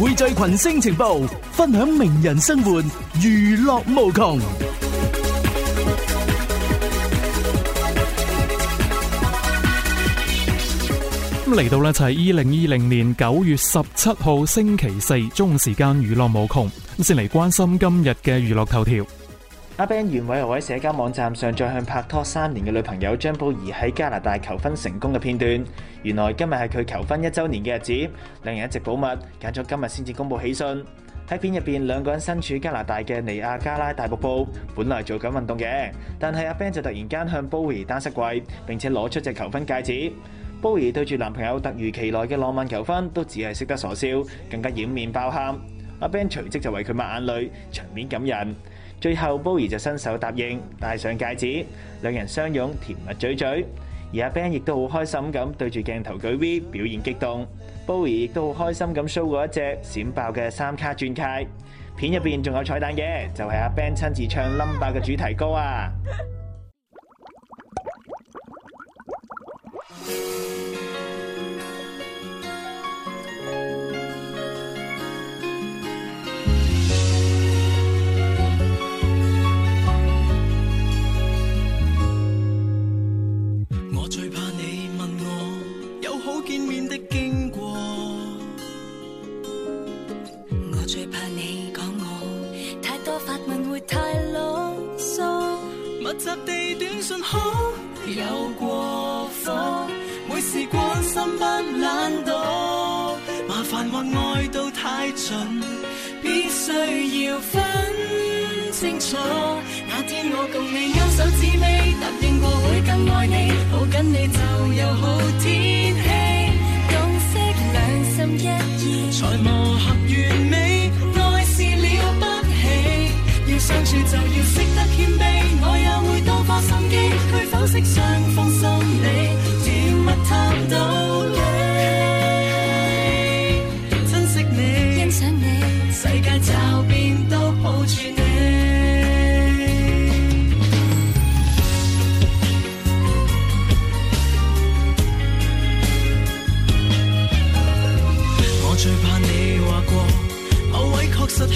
匯聚群星情報，分享名人生活，娛樂無窮。咁嚟到呢就係二零二零年九月十七號星期四中午時間，娛樂無窮。先嚟關心今日嘅娛樂頭條。阿 Ben 原委又喺社交網站上再向拍拖三年嘅女朋友張寶儀喺加拿大求婚成功嘅片段。原來今日係佢求婚一週年嘅日子，兩人一直保密，揀咗今日先至公布喜訊。喺片入邊，兩個人身處加拿大嘅尼亞加拉大瀑布，本來做緊運動嘅，但係阿 Ben 就突然間向寶儀單膝跪，並且攞出隻求婚戒指。寶儀對住男朋友突如其來嘅浪漫求婚，都只係識得傻笑，更加掩面爆喊。阿 Ben 隨即就為佢抹眼淚，場面感人。最後，波兒就伸手答應，戴上戒指，兩人相擁，甜蜜嘴嘴。而阿 Ben 亦都好開心咁對住鏡頭舉 V，表現激動。波兒亦都好開心咁 show 過一隻閃爆嘅三卡鑽戒。片入邊仲有彩蛋嘅，就係阿 Ben 親自唱冧爆嘅主題歌啊！要分清楚，那天我共你勾手指尾，答應過會更愛你，抱緊你就有好天氣。共識兩心一意，才磨合完美，愛是了不起。要相處就要識得謙卑，我也會多花心機去剖析雙方心理，甜蜜探到。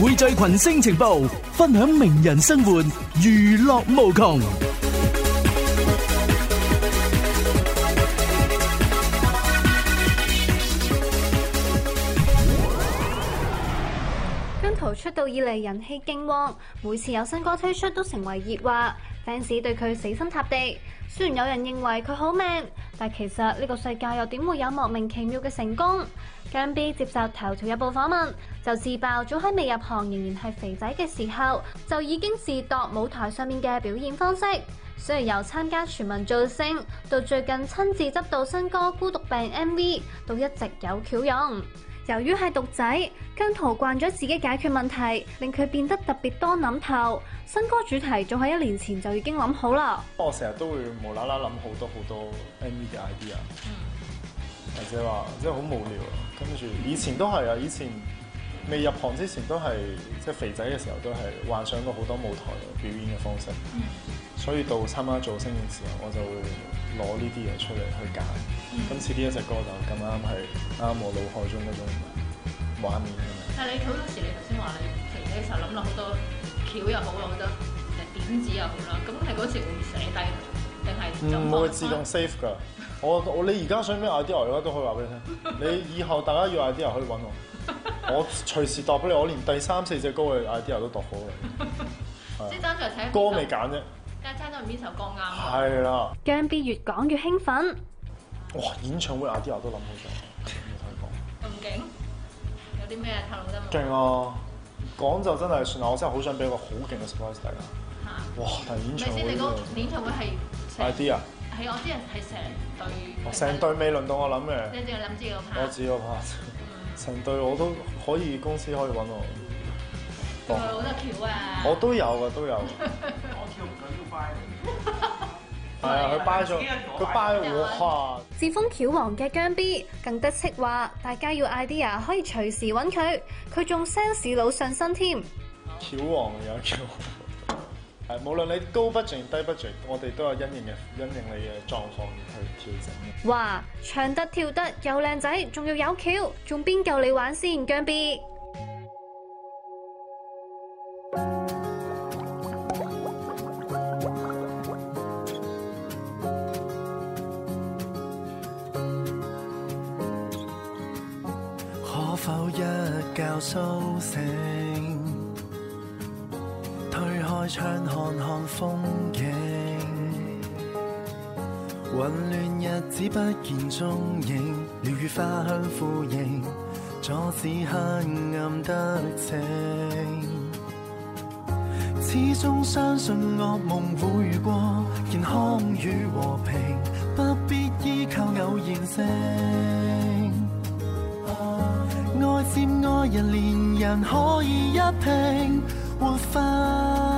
匯聚群星情報，分享名人生活，娛樂無窮。姜濤出道以嚟人氣勁旺，每次有新歌推出都成為熱話，fans 對佢死心塌地。雖然有人認為佢好命。但其實呢個世界又點會有莫名其妙嘅成功？姜 b 接受《頭條日報》訪問就自爆，早喺未入行仍然係肥仔嘅時候，就已經自導舞台上面嘅表演方式。雖然由參加全民造星到最近親自執導新歌《孤獨病》MV，都一直有巧用。由於係獨仔，姜濤慣咗自己解決問題，令佢變得特別多諗頭。新歌主題仲喺一年前就已經諗好啦。不過我成日都會無啦啦諗好多好多 MV 嘅 idea、嗯。或者話即係好無聊。啊。跟住以前都係啊，以前未入行之前都係即係肥仔嘅時候都係幻想過好多舞台表演嘅方式。嗯。所以到參加做聲嘅時候，我就會攞呢啲嘢出嚟去揀。今次呢一隻歌就咁啱係啱我腦海中嗰種畫面、嗯但，但係你好多時，你頭先話你寫嘅時候諗落好多橋又好啦，好多點子又好啦，咁係嗰時會寫低定係？唔、嗯、會自動 save 㗎、啊。我你 a，我你而家想咩 idea，都可以話俾你聽。 你以後大家要 idea，可以揾我， 我隨時度俾你。我連第三四隻歌嘅 idea 都度好㗎。 是是歌未揀啫。餐都到邊頭鋼硬？係啦。姜 B 越講越興奮。哇！演唱會 idea 都諗好咗，有冇聽講？咁勁？有啲咩透露得冇？勁啊！講就真係算啦，我真係好想俾個好勁嘅 surprise 大家。哇！但係演唱會先。咪先，你講演唱會係？idea 係我啲人係成隊。成隊未輪到我諗嘅。你淨係諗住個拍？我知有拍。成隊我都可以，公司可以揾我。好多橋啊！我都有嘅，都有。係啊、 嗯，佢掰咗，佢掰我自封橋王嘅姜 B 更得戚話，大家要 idea 可以隨時揾佢，佢仲 sales 佬上身添。橋好 王有橋，係 無論你高 budget 低 budget，我哋都有因應嘅因應你嘅狀況去調整。哇，唱得跳得又靚仔，仲要有橋，仲邊夠你玩先，姜 B。混亂日子不見蹤影，鳥語花香呼應，阻止黑暗得逞。始終相信惡夢會過，健康與和平不必依靠偶然性。愛佔愛人連人可以一拼，活發。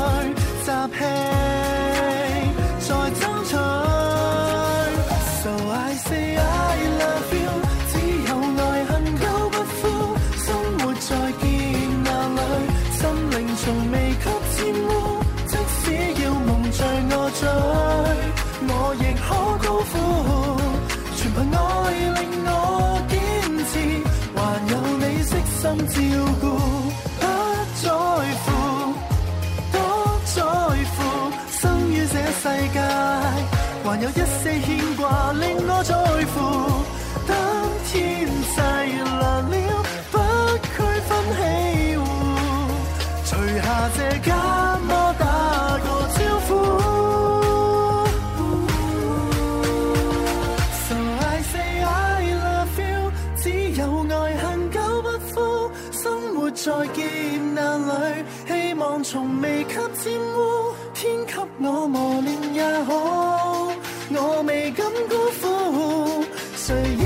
照顧，不在乎，多在，在乎。生於這世界，還有一些牽掛令我在乎。希望從未給玷污，天給我磨練也好，我未敢辜負。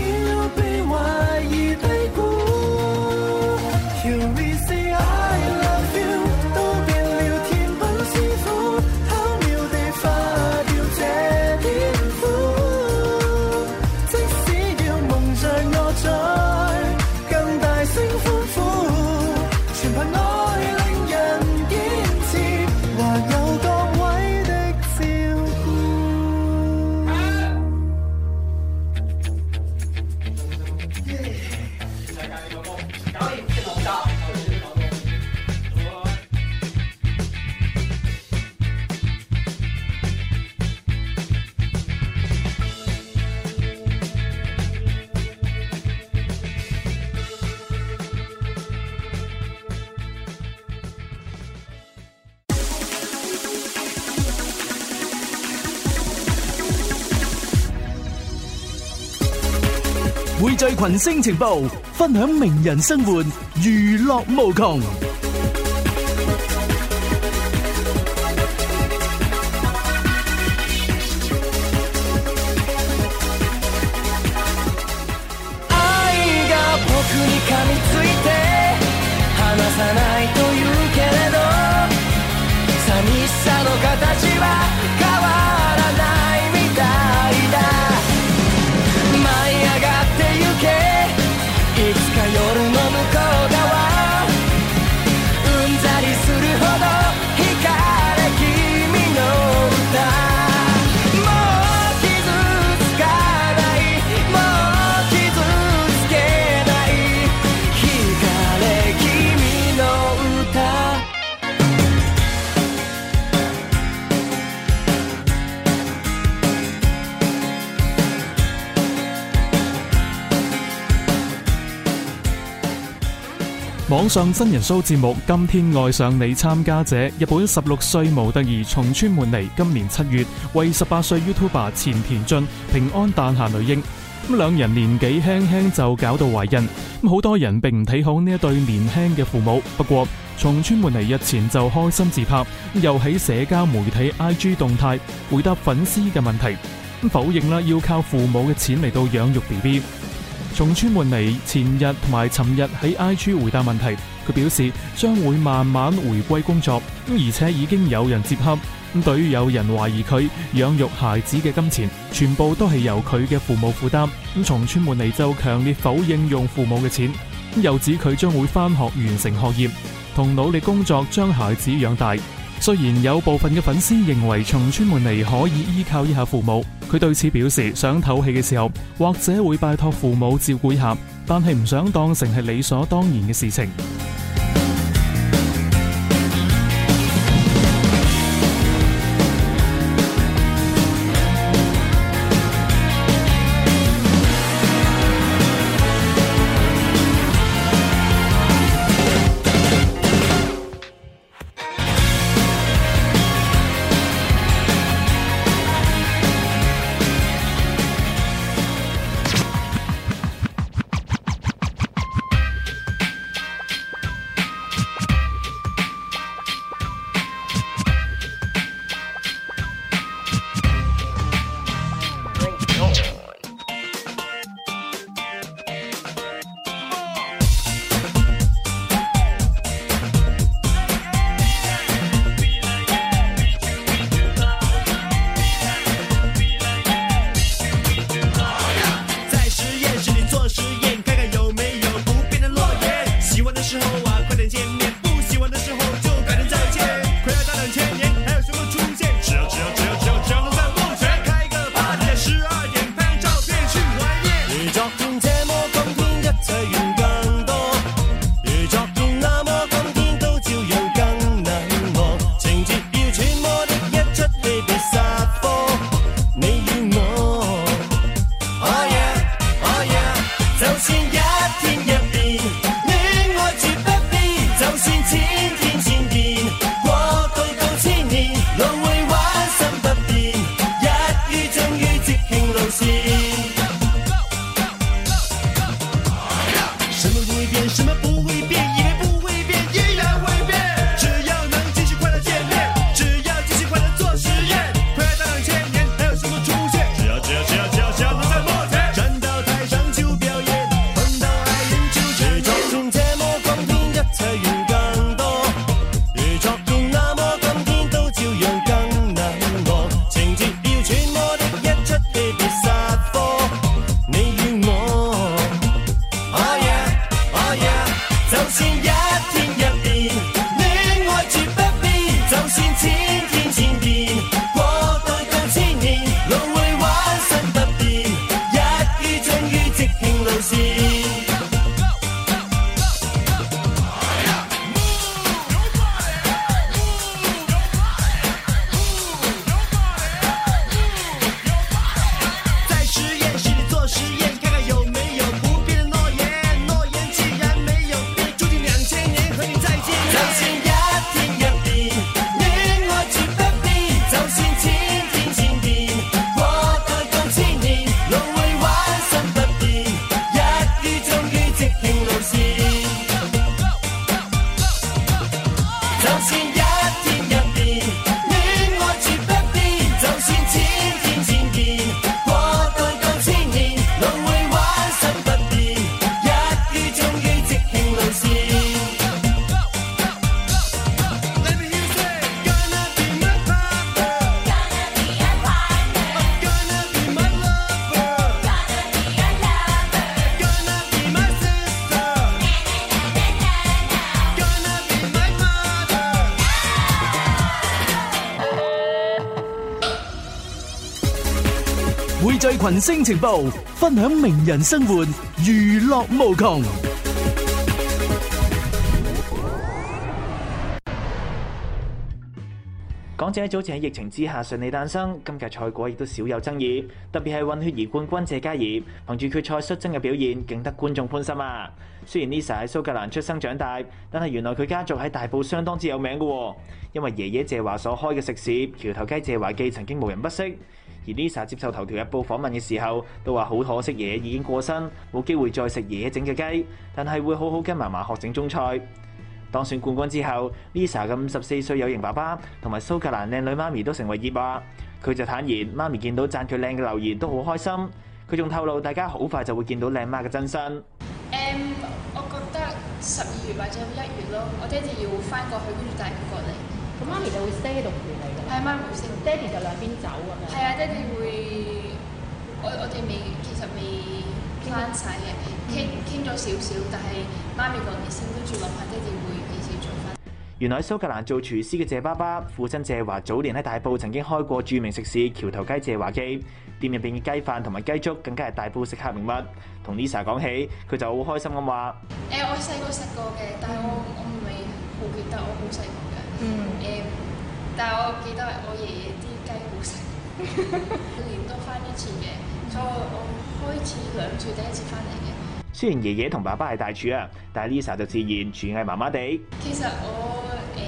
匯聚群星情報，分享名人生活，娛樂無窮。網上真人 show 節目《今天愛上你》參加者，日本十六歲模特兒松村滿尼今年七月為十八歲 YouTuber 前田俊平安誕下女嬰，咁兩人年紀輕輕，輕就搞到懷孕，好多人並唔睇好呢一對年輕嘅父母。不過松村滿尼日前就開心自拍，又喺社交媒體 IG 動態回答粉絲嘅問題，否認啦要靠父母嘅錢嚟到養育 BB。從村門尼前日同埋尋日喺 IG 回答問題，佢表示將會慢慢回歸工作，而且已經有人接洽。咁對於有人懷疑佢養育孩子嘅金錢，全部都係由佢嘅父母負擔，咁從村門尼就強烈否認用父母嘅錢，又指佢將會翻學完成學業，同努力工作將孩子養大。雖然有部分嘅粉絲認為從村門嚟可以依靠一下父母，佢對此表示想唞氣嘅時候或者會拜託父母照顧一下，但係唔想當成係理所當然嘅事情。聚群星情報，分享名人生活，娛樂無窮。港姐早前喺疫情之下順利誕生，今屆賽果亦都少有爭議。特別係混血兒冠軍謝嘉怡，憑住決賽率真嘅表現，勁得觀眾歡心啊！雖然 Lisa 喺蘇格蘭出生長大，但係原來佢家族喺大埔相當之有名噶，因為爺爺謝華所開嘅食肆橋頭街謝華記，曾經無人不識。而 Lisa 接受《頭條日報》訪問嘅時候，都話好可惜爺爺已經過身，冇機會再食爺爺整嘅雞，但係會好好跟嫲嫲學整中菜。當選冠軍之後 ，Lisa 嘅五十四歲有型爸爸同埋蘇格蘭靚女媽咪都成為熱話。佢就坦言媽咪見到讚佢靚嘅留言都好開心。佢仲透露大家好快就會見到靚媽嘅真身。Um, 我覺得十二月或者一月咯，我爹哋要翻過去跟住帶佢過嚟。咁媽咪就會 stay 喺度陪你，係啊，媽咪 stay，爹哋就兩邊走啊。係啊，爹哋會，我我哋未其實未翻曬嘅，傾傾咗少少，但係媽咪講完先，跟住諗下爹哋會幾時做翻。原來蘇格蘭做廚師嘅謝爸爸，父親謝華早年喺大埔曾經開過著名食肆橋頭雞謝華記，店入邊嘅雞飯同埋雞粥更加係大埔食客名物。同 Lisa 講起，佢就好開心咁話：誒、呃，我細個食過嘅，但係我我唔係好記得，我好細個。嗯，誒，但係我記得我爺爺啲雞好食，每 年都翻一次嘅，所以我我開始兩歲、嗯、第一次翻嚟嘅。雖然爺爺同爸爸係大廚啊，但係 Lisa 就自然廚藝麻麻哋。其實我誒、嗯、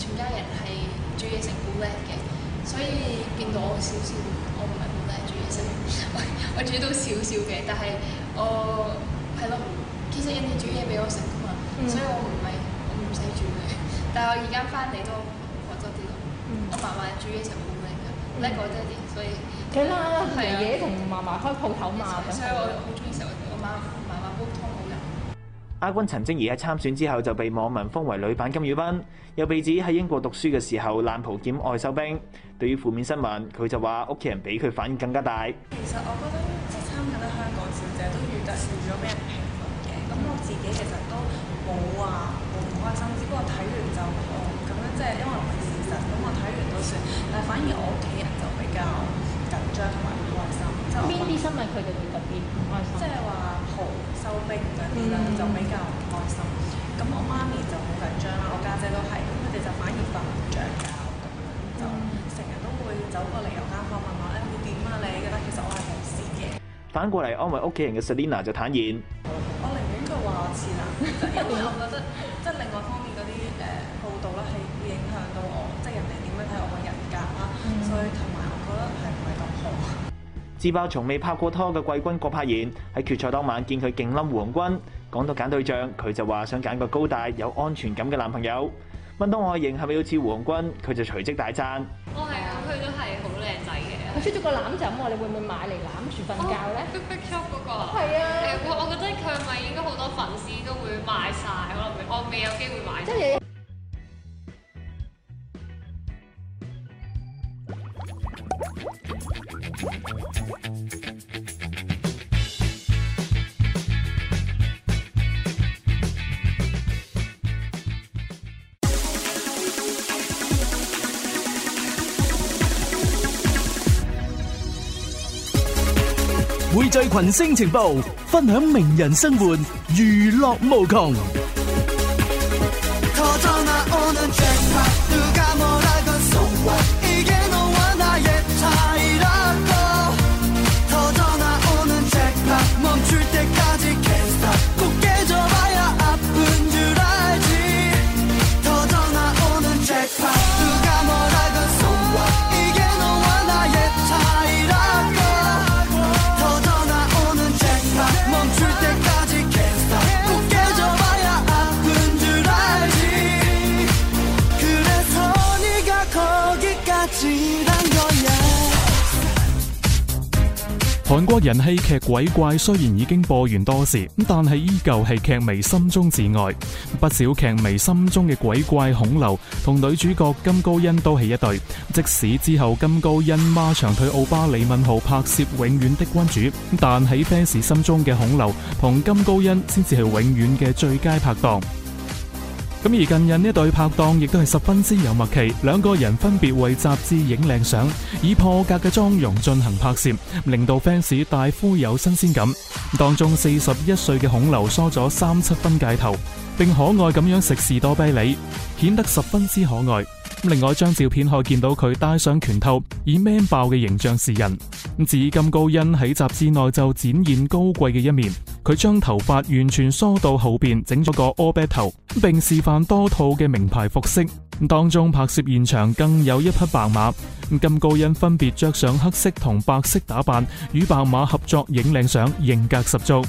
全家人係煮嘢食好叻嘅，所以變到我少少，我唔係好叻煮嘢食，喂，我煮到少少嘅，但係我係咯，其實人哋煮嘢俾我食噶嘛，所以我唔係。 但係我而家翻嚟都學咗啲咯。嗯、我嫲嫲煮嘢食好味嘅，叻過爹哋，所以梗啦，爺爺同嫲嫲開鋪頭嘛。你睇以樣我好中意食我媽嫲嫲煲湯，好飲。亞軍陳楨怡喺參選之後就被網民封為女版金宇彬，又被指喺英國讀書嘅時候爛蒲兼愛收兵。對於負面新聞，佢就話屋企人比佢反應更加大。其實我覺得即參加得香港小姐都遇得少咗俾人評論嘅，咁我自己其實都冇話、啊。甚至不過睇完就咁，咁樣即係因為唔係事實，咁我睇完都算。但係反而我屋企人就比較緊張同埋唔開心。就邊啲新聞佢哋會特別唔開心？即係話豪收兵就啲咧，就比較唔開心。咁我媽咪就好緊張啦，我家姐都係，咁佢哋就反而瞓唔着覺咁樣，就成日都會走過嚟我間房問我：誒、欸、會點啊？你？但係其實我係無事嘅。反過嚟安慰屋企人嘅 Selina 就坦言：我寧願佢話我似男，因為 我覺得。 嗯、所以同埋，我覺得係唔係咁好？自爆從未拍過拖嘅季軍郭柏妍喺決賽當晚見佢勁冧胡鴻鈞，講到揀對象，佢就話想揀個高大有安全感嘅男朋友。問到外形係咪要似胡鴻鈞，佢就隨即大讚。哦係啊，佢都係好靚仔嘅。佢出咗個攬枕喎，你會唔會買嚟攬住瞓覺咧？Big Big Shop 嗰、哦那個係啊。誒，我我覺得佢咪應該好多粉絲都會買晒。可能，我未有機會買。匯聚群星情報，分享名人生活，娛樂無窮。韓國人戲劇鬼怪雖然已經播完多時，但係依舊係劇迷心中至愛。不少劇迷心中嘅鬼怪孔劉同女主角金高恩都係一對。即使之後金高恩媽長腿奧巴李敏鎬拍攝永遠的君主，但喺 fans 心中嘅孔劉同金高恩先至係永遠嘅最佳拍檔。咁而近日呢對拍檔亦都係十分之有默契，兩個人分別為雜誌影靚相，以破格嘅妝容進行拍攝，令到 fans 大呼有新鮮感。當中四十一歲嘅孔劉梳咗三七分界頭，並可愛咁樣食士多啤梨，顯得十分之可愛。另外一張照片可以見到佢戴上拳套，以 man 爆嘅形象示人。至於金高恩喺雜誌內就展現高貴嘅一面，佢將頭髮完全梳到後邊，整咗個 orbit 頭，並示範多套嘅名牌服飾。當中拍攝現場更有一匹白馬，金高恩分別着上黑色同白色打扮，與白馬合作影靚相，型格十足。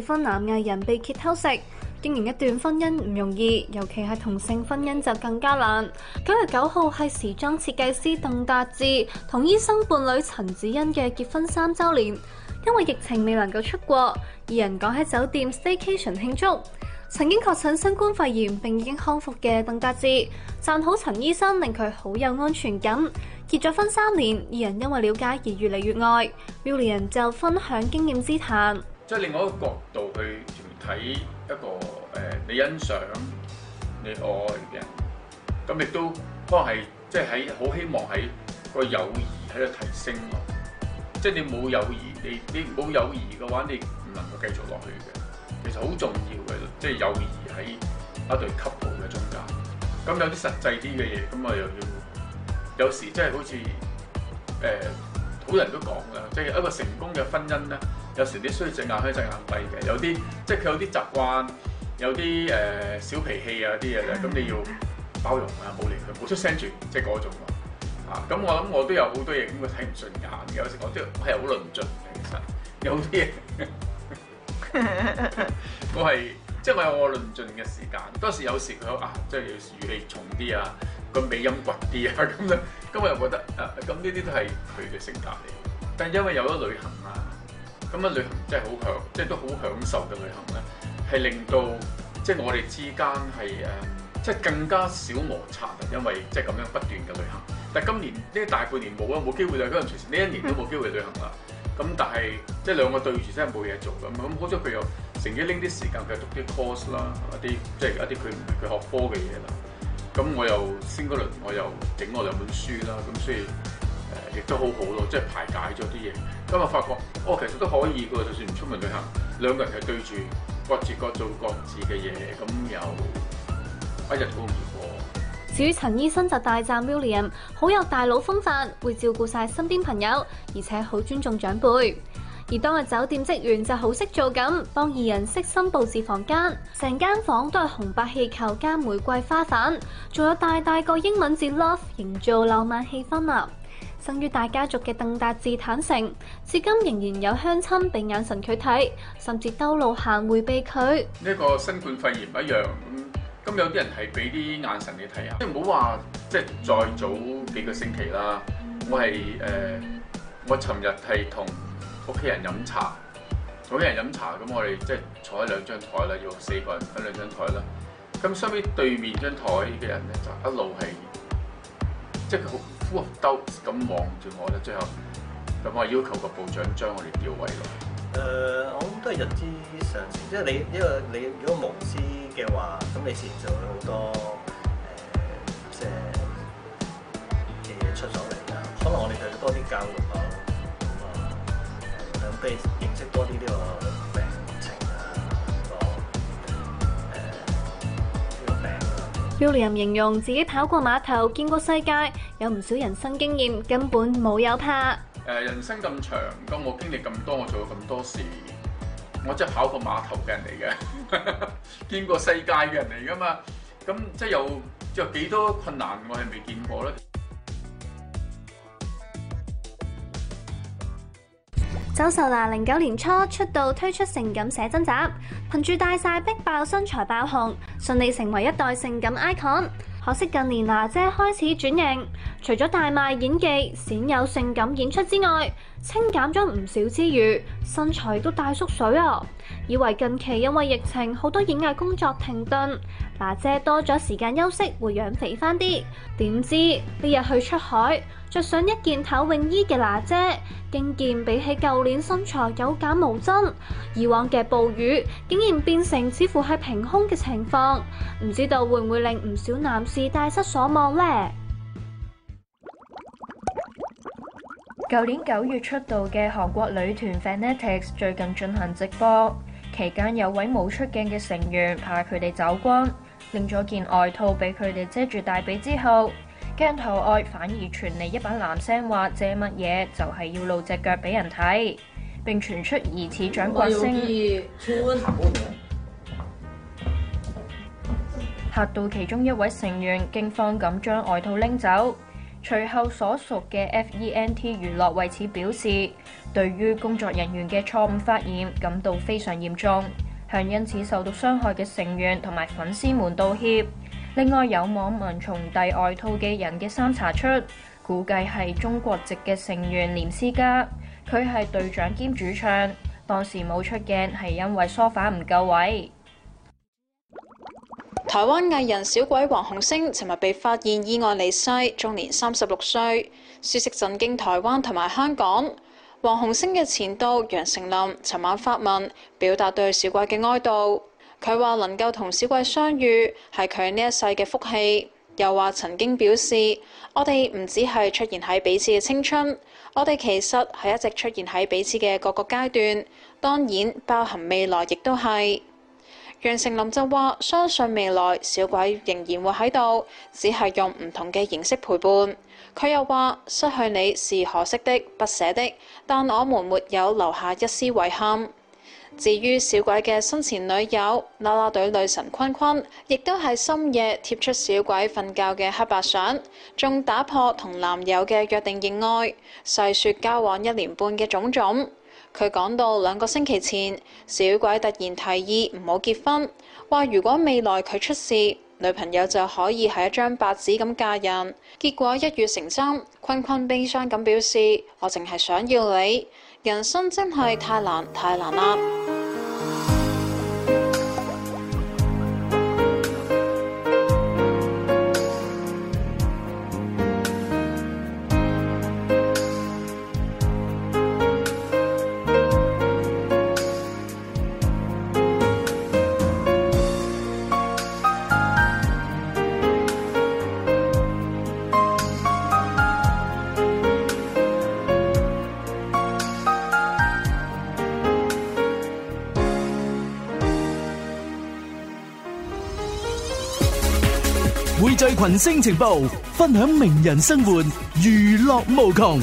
結婚男藝人被揭偷食，經營一段婚姻唔容易，尤其係同性婚姻就更加難。九月九號係時裝設計師鄧達志同醫生伴侶陳子欣嘅結婚三周年，因為疫情未能夠出國，二人趕喺酒店 Staycation 慶祝。曾經確診新冠肺炎並已經康復嘅鄧達志讚好陳醫生令佢好有安全感。結咗婚三年，二人因為了解而越嚟越愛。Million 就分享經驗之談。即係另外一個角度去睇一個誒、呃，你欣賞你我嘅人，咁亦都可能係即係喺好希望喺個友誼喺度提升咯。即係你冇友誼，你你冇友誼嘅話，你唔能夠繼續落去嘅。其實好重要嘅，即係友誼喺一對 c 步嘅中間。咁有啲實際啲嘅嘢，咁啊又要有時即係好似誒，好、呃、人都講啦，即係一個成功嘅婚姻咧。有時啲需要靜壓，需要靜壓低嘅，有啲即係佢有啲習慣，有啲誒、呃、小脾氣啊啲嘢咧，咁你要包容、就是、啊，冇理佢，冇出聲住，即係嗰種咯啊。咁我諗我都有好多嘢咁，我睇唔順眼，有時我都係好論盡嘅。其實有啲嘢， 我係即係我有我論盡嘅時間。當時有時佢啊，即、就、係、是、語氣重啲啊，個尾音倔啲啊，咁咧，咁我又覺得啊，咁呢啲都係佢嘅性格嚟。但係因為有咗旅行啊。咁啊，旅行真係好享，即係都好享受嘅旅行咧，係令到即係我哋之間係誒，即係更加少摩擦，因為即係咁樣不斷嘅旅行。但係今年呢大半年冇啊，冇機會啦，嗰陣時呢一年都冇機會旅行啦。咁但係即係兩個對住真係冇嘢做咁，咁好彩佢又成日拎啲時間佢讀啲 course 啦，一啲即係一啲佢唔係佢學科嘅嘢啦。咁我又先嗰輪我又整我兩本書啦，咁所以。都好好咯，即係排解咗啲嘢。今日發覺，哦，其實都可以㗎，就算唔出門旅行，兩個人係對住，各自各做各自嘅嘢，咁又一日都唔錯。至於陳醫生就大讚 William 好有大佬風範，會照顧晒身邊朋友，而且好尊重長輩。而當日酒店職員就好識做咁，幫二人悉心佈置房間，成間房都係紅白氣球加玫瑰花瓣，仲有大大個英文字 Love 營造浪漫氣氛啊！等於大家族嘅鄧達智坦承，至今仍然有鄉親俾眼神佢睇，甚至兜路行回避佢。呢一個新冠肺炎一樣咁，咁有啲人係俾啲眼神你睇下，即係唔好話，即係再早幾個星期啦。我係誒、呃，我尋日係同屋企人飲茶，屋企人飲茶咁，我哋即係坐喺兩張台啦，要四個人喺兩張台啦。咁相比對面張台嘅人咧，就一路係即係好。哇！兜咁望住我咧，最後咁我要求個部長將我哋調位咯。誒、呃，我諗都係日之常情，即係你，因為你如果無知嘅話，咁你自然就會好多誒即係嘅嘢出咗嚟㗎。可能我哋就要多啲教育啊，咁啊，向 base 認識多啲啲喎。William 形容自己跑過碼頭，見過世界，有唔少人生經驗，根本冇有怕。誒，人生咁長，咁我經歷咁多，我做咗咁多事，我即係跑過碼頭嘅人嚟嘅。 見過世界嘅人嚟噶嘛。咁即係有，即係幾多困難，我係未見過咧？周秀娜零九年初出道，推出性感寫真集，憑住大晒逼爆身材爆紅，順利成為一代性感 icon。可惜近年娜姐開始轉型，除咗大賣演技，鮮有性感演出之外。清減咗唔少之餘，身材都大縮水啊！以為近期因為疫情，好多演藝工作停頓，娜姐多咗時間休息，會養肥翻啲。點知呢日去出海，着上一件頭泳衣嘅娜姐，驚見比起舊年身材有減無增，以往嘅暴乳竟然變成似乎係平胸嘅情況，唔知道會唔會令唔少男士大失所望呢？舊年九月出道嘅韓國女團 FANATICS 最近進行直播，期間有位冇出鏡嘅成員怕佢哋走光，拎咗件外套俾佢哋遮住大髀，之後，鏡頭外反而傳嚟一把男聲話遮乜嘢？就係要露隻腳俾人睇，並傳出疑似掌摑聲，吓到其中一位成員驚慌咁將外套拎走。隨後所屬嘅 FENT 娛樂為此表示，對於工作人員嘅錯誤發言感到非常嚴重，向因此受到傷害嘅成員同埋粉絲們道歉。另外，有網民從遞外套嘅人嘅衫查出，估計係中國籍嘅成員廉思嘉。佢係隊長兼主唱，當時冇出鏡係因為梳化唔夠位。台灣藝人小鬼黃鴻升尋日被發現意外離世，終年三十六歲，消息震驚台灣同埋香港。黃鴻升嘅前度楊丞琳尋晚發問，表達對小鬼嘅哀悼。佢話能夠同小鬼相遇係佢呢一世嘅福氣，又話曾經表示我哋唔只係出現喺彼此嘅青春，我哋其實係一直出現喺彼此嘅各個階段，當然包含未來亦都係。楊丞琳就話：相信未來小鬼仍然會喺度，只係用唔同嘅形式陪伴。佢又話：失去你是可惜的、不捨的，但我們沒有留下一絲遺憾。至於小鬼嘅生前女友啦啦隊女神坤坤，亦都係深夜貼出小鬼瞓覺嘅黑白相，仲打破同男友嘅約定認愛，細説交往一年半嘅種種。佢講到兩個星期前，小鬼突然提議唔好結婚，話如果未來佢出事，女朋友就可以係一張白紙咁嫁人。結果一語成真，坤坤悲傷咁表示：我淨係想要你，人生真係太難太難啦。群星情報，分享名人生活，娛樂無窮。